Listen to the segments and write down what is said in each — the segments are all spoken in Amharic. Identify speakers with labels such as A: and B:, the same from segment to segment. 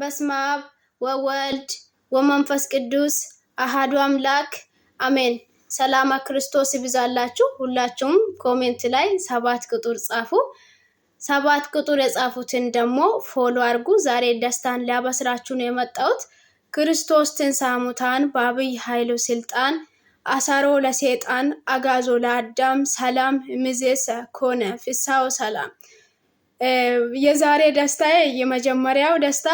A: በስመ አብ ወወልድ ወመንፈስ ቅዱስ አሃዱ አምላክ አሜን። ሰላማ ክርስቶስ ይብዛላችሁ። ሁላችሁም ኮሜንት ላይ ሰባት ቁጥር ጻፉ። ሰባት ቁጥር የጻፉትን ደግሞ ፎሎ አድርጉ። ዛሬ ደስታን ሊያበስራችሁ ነው የመጣሁት። ክርስቶስ ትንሣኤ ሙታን በአብይ ኃይሉ ስልጣን አሳሮ ለሰይጣን አጋዞ ለአዳም ሰላም ምዜሰ ኮነ ፍሳው ሰላም። የዛሬ ደስታዬ የመጀመሪያው ደስታ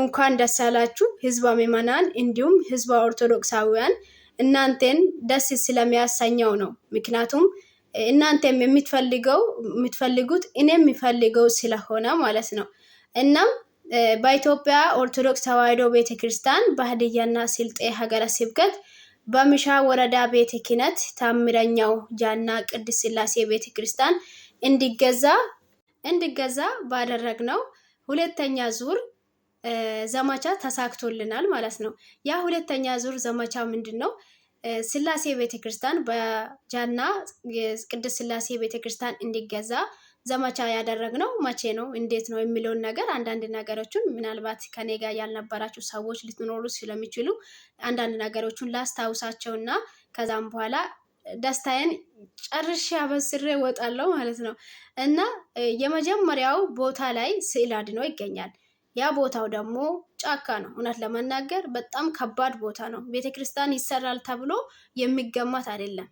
A: እንኳን ደስ ያላችሁ ህዝበ ምዕመናን እንዲሁም ህዝበ ኦርቶዶክሳውያን እናንተን ደስ ስለሚያሰኘው ነው። ምክንያቱም እናንተም የምትፈልገው የምትፈልጉት እኔ የሚፈልገው ስለሆነ ማለት ነው። እናም በኢትዮጵያ ኦርቶዶክስ ተዋሕዶ ቤተክርስቲያን ክርስቲያን በሀዲያና ስልጤ ሀገረ ስብከት በምሻ ወረዳ ቤተ ክህነት ታምረኛው ጃና ቅድስት ስላሴ ቤተ ክርስቲያን እንዲገዛ እንዲገዛ ባደረግነው ሁለተኛ ዙር ዘመቻ ተሳክቶልናል ማለት ነው። ያ ሁለተኛ ዙር ዘመቻ ምንድን ነው? ስላሴ ቤተክርስቲያን በጃና ቅድስት ስላሴ ቤተክርስቲያን እንዲገዛ ዘመቻ ያደረግነው መቼ ነው፣ እንዴት ነው የሚለውን ነገር አንዳንድ ነገሮችን ምናልባት ከኔ ጋር ያልነበራችሁ ሰዎች ልትኖሩ ስለሚችሉ አንዳንድ ነገሮችን ላስታውሳቸውና ከዛም በኋላ ደስታዬን ጨርሼ አበስሬ እወጣለሁ ማለት ነው እና የመጀመሪያው ቦታ ላይ ስዕል አድኖ ይገኛል። ያ ቦታው ደግሞ ጫካ ነው። እውነት ለመናገር በጣም ከባድ ቦታ ነው። ቤተ ክርስቲያን ይሰራል ተብሎ የሚገመት አይደለም።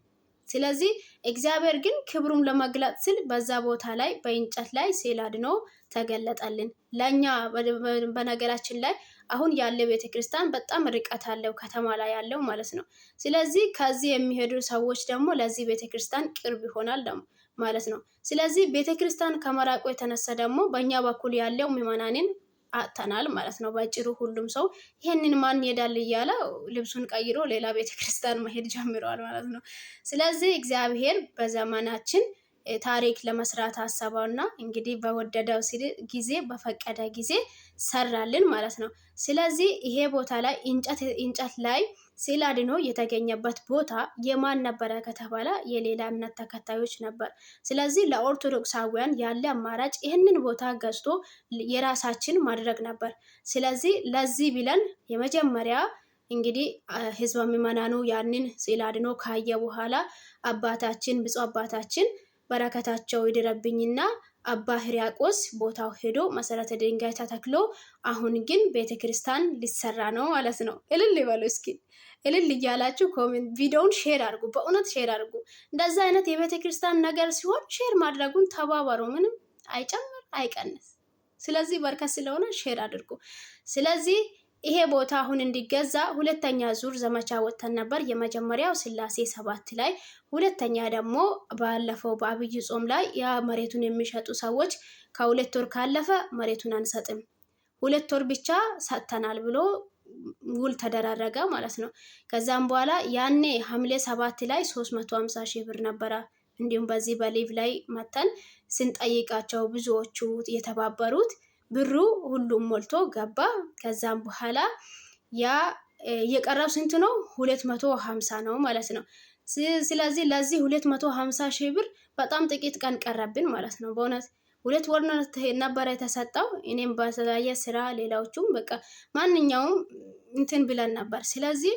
A: ስለዚህ እግዚአብሔር ግን ክብሩን ለመግለጥ ሲል በዛ ቦታ ላይ በእንጨት ላይ ስዕል አድኖ ተገለጠልን ለእኛ። በነገራችን ላይ አሁን ያለ ቤተ ክርስቲያን በጣም ርቀት አለው ከተማ ላይ ያለው ማለት ነው። ስለዚህ ከዚህ የሚሄዱ ሰዎች ደግሞ ለዚህ ቤተ ክርስቲያን ቅርብ ይሆናል ደግሞ ማለት ነው። ስለዚህ ቤተ ክርስቲያን ከመራቁ የተነሳ ደግሞ በእኛ በኩል ያለው ምዕመናንን አጥተናል ማለት ነው ባጭሩ። ሁሉም ሰው ይሄንን ማን ይሄዳል እያለ ልብሱን ቀይሮ ሌላ ቤተክርስቲያን መሄድ ጀምረዋል ማለት ነው። ስለዚህ እግዚአብሔር በዘመናችን ታሪክ ለመስራት አሰበውና እንግዲህ በወደደው ጊዜ በፈቀደ ጊዜ ሰራልን ማለት ነው። ስለዚህ ይሄ ቦታ ላይ እንጨት ላይ ስዕል አድኖ የተገኘበት ቦታ የማን ነበረ ከተባለ የሌላ እምነት ተከታዮች ነበር። ስለዚህ ለኦርቶዶክሳውያን ያለ አማራጭ ይህንን ቦታ ገዝቶ የራሳችን ማድረግ ነበር። ስለዚህ ለዚህ ብለን የመጀመሪያ እንግዲህ ህዝበ ምዕመናኑ ያንን ስዕል አድኖ ካየ በኋላ አባታችን ብፁዕ አባታችን በረከታቸው ይድረብኝና አባ ህርያቆስ ቦታው ሄዶ መሰረተ ድንጋይ ተተክሎ አሁን ግን ቤተክርስቲያን ሊሰራ ነው ማለት ነው። እልል ይበሉ እስኪ እልል እያላችሁ ኮሜንት፣ ቪዲዮውን ሼር አድርጉ፣ በእውነት ሼር አድርጉ። እንደዚ አይነት የቤተክርስቲያን ነገር ሲሆን ሼር ማድረጉን ተባበሩ። ምንም አይጨምር አይቀንስ። ስለዚህ በርከት ስለሆነ ሼር አድርጉ። ስለዚህ ይሄ ቦታ አሁን እንዲገዛ ሁለተኛ ዙር ዘመቻ ወጥተን ነበር። የመጀመሪያው ስላሴ ሰባት ላይ፣ ሁለተኛ ደግሞ ባለፈው በአብይ ጾም ላይ ያ መሬቱን የሚሸጡ ሰዎች ከሁለት ወር ካለፈ መሬቱን አንሰጥም፣ ሁለት ወር ብቻ ሰጥተናል ብሎ ውል ተደራረገ ማለት ነው። ከዛም በኋላ ያኔ ሐምሌ ሰባት ላይ ሶስት መቶ ሀምሳ ሺህ ብር ነበረ። እንዲሁም በዚህ በሊቭ ላይ መተን ስንጠይቃቸው ብዙዎቹ የተባበሩት ብሩ ሁሉም ሞልቶ ገባ። ከዛም በኋላ ያ የቀረው ስንት ነው? ሁለት መቶ ሀምሳ ነው ማለት ነው። ስለዚህ ለዚህ ሁለት መቶ ሀምሳ ሺህ ብር በጣም ጥቂት ቀን ቀረብን ማለት ነው። በእውነት ሁለት ወር ነበረ የተሰጠው። እኔም በተለያየ ስራ ሌላዎቹም በቃ ማንኛውም እንትን ብለን ነበር። ስለዚህ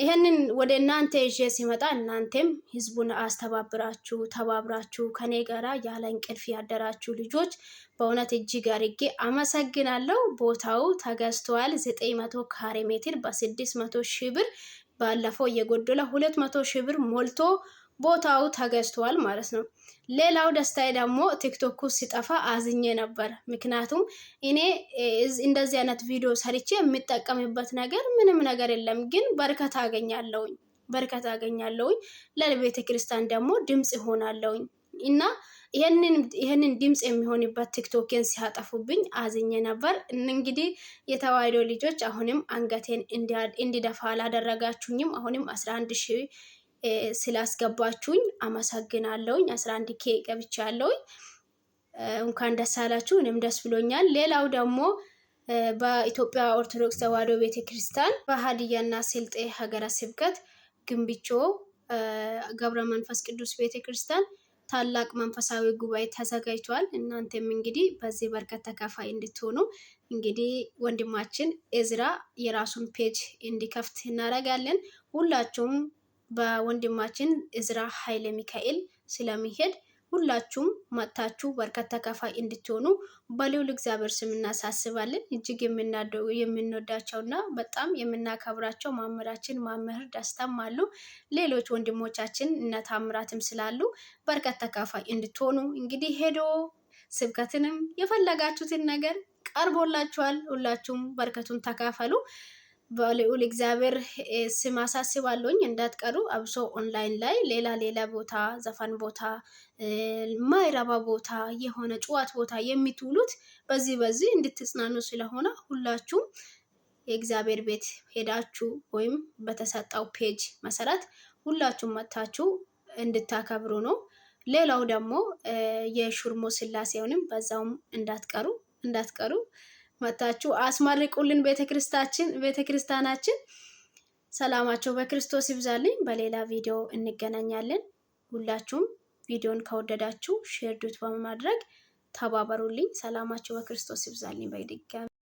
A: ይህንን ወደ እናንተ ይዤ ሲመጣ እናንተም ህዝቡን አስተባብራችሁ ተባብራችሁ ከኔ ጋራ ያለ እንቅልፍ ያደራችሁ ልጆች በእውነት እጅግ አርጌ አመሰግናለሁ። ቦታው ተገዝተዋል። ዘጠኝ መቶ ካሬ ሜትር በስድስት መቶ ሺህ ብር ባለፈው እየጎደለ ሁለት መቶ ሺህ ብር ሞልቶ ቦታው ተገዝቷል ማለት ነው። ሌላው ደስታዬ ደግሞ ቲክቶኩ ሲጠፋ አዝኜ ነበር። ምክንያቱም እኔ እንደዚህ አይነት ቪዲዮ ሰርቼ የምጠቀምበት ነገር ምንም ነገር የለም፣ ግን በርከት አገኛለሁኝ በርከት አገኛለሁኝ ለቤተ ክርስቲያን ደግሞ ድምፅ ይሆናለሁኝ እና ይህንን ድምፅ የሚሆንበት ቲክቶኬን ሲያጠፉብኝ አዝኜ ነበር። እንግዲህ የተዋህዶ ልጆች አሁንም አንገቴን እንዲደፋ አላደረጋችሁኝም። አሁንም አስራ አንድ ሺ ስላስገባችሁኝ አመሰግናለሁኝ። አስራ አንድ ኬ ገብቻ ያለውኝ እንኳን ደስ አላችሁ። እኔም ደስ ብሎኛል። ሌላው ደግሞ በኢትዮጵያ ኦርቶዶክስ ተዋህዶ ቤተክርስቲያን ክርስቲያን በሀዲያና ስልጤ ሀገረ ስብከት ግንብቾ ገብረ መንፈስ ቅዱስ ቤተክርስቲያን ታላቅ መንፈሳዊ ጉባኤ ተዘጋጅቷል። እናንተም እንግዲህ በዚህ በርከት ተካፋይ እንድትሆኑ እንግዲህ ወንድማችን እዝራ የራሱን ፔጅ እንዲከፍት እናደርጋለን። ሁላችሁም በወንድማችን እዝራ ኃይለ ሚካኤል ስለሚሄድ ሁላችሁም መጥታችሁ በረከት ተካፋይ እንድትሆኑ በልዑል እግዚአብሔር ስም እናሳስባለን። እጅግ እና በጣም የምናከብራቸው ማምራችን ማምህር ደስታም አሉ። ሌሎች ወንድሞቻችን እነ ታምራትም ስላሉ በረከት ተካፋይ እንድትሆኑ እንግዲህ ሄዶ ስብከትንም የፈለጋችሁትን ነገር ቀርቦላችኋል። ሁላችሁም በረከቱን ተካፈሉ። በልዑል እግዚአብሔር ስም አሳስባለሁኝ እንዳትቀሩ። አብሶ ኦንላይን ላይ ሌላ ሌላ ቦታ ዘፈን ቦታ፣ ማይረባ ቦታ፣ የሆነ ጨዋት ቦታ የሚትውሉት በዚህ በዚህ እንድትጽናኑ ስለሆነ ሁላችሁም የእግዚአብሔር ቤት ሄዳችሁ ወይም በተሰጠው ፔጅ መሰረት ሁላችሁም መጥታችሁ እንድታከብሩ ነው። ሌላው ደግሞ የሹርሞ ስላሴውንም በዛውም እንዳትቀሩ እንዳትቀሩ መታችሁ አስማርቁልን ቤተክርስታችን ቤተክርስቲያናችን። ሰላማቸው በክርስቶስ ይብዛልኝ። በሌላ ቪዲዮ እንገናኛለን። ሁላችሁም ቪዲዮን ከወደዳችሁ ሼርዱት ዱት በማድረግ ተባበሩልኝ። ሰላማቸው በክርስቶስ ይብዛልኝ። በድጋሚ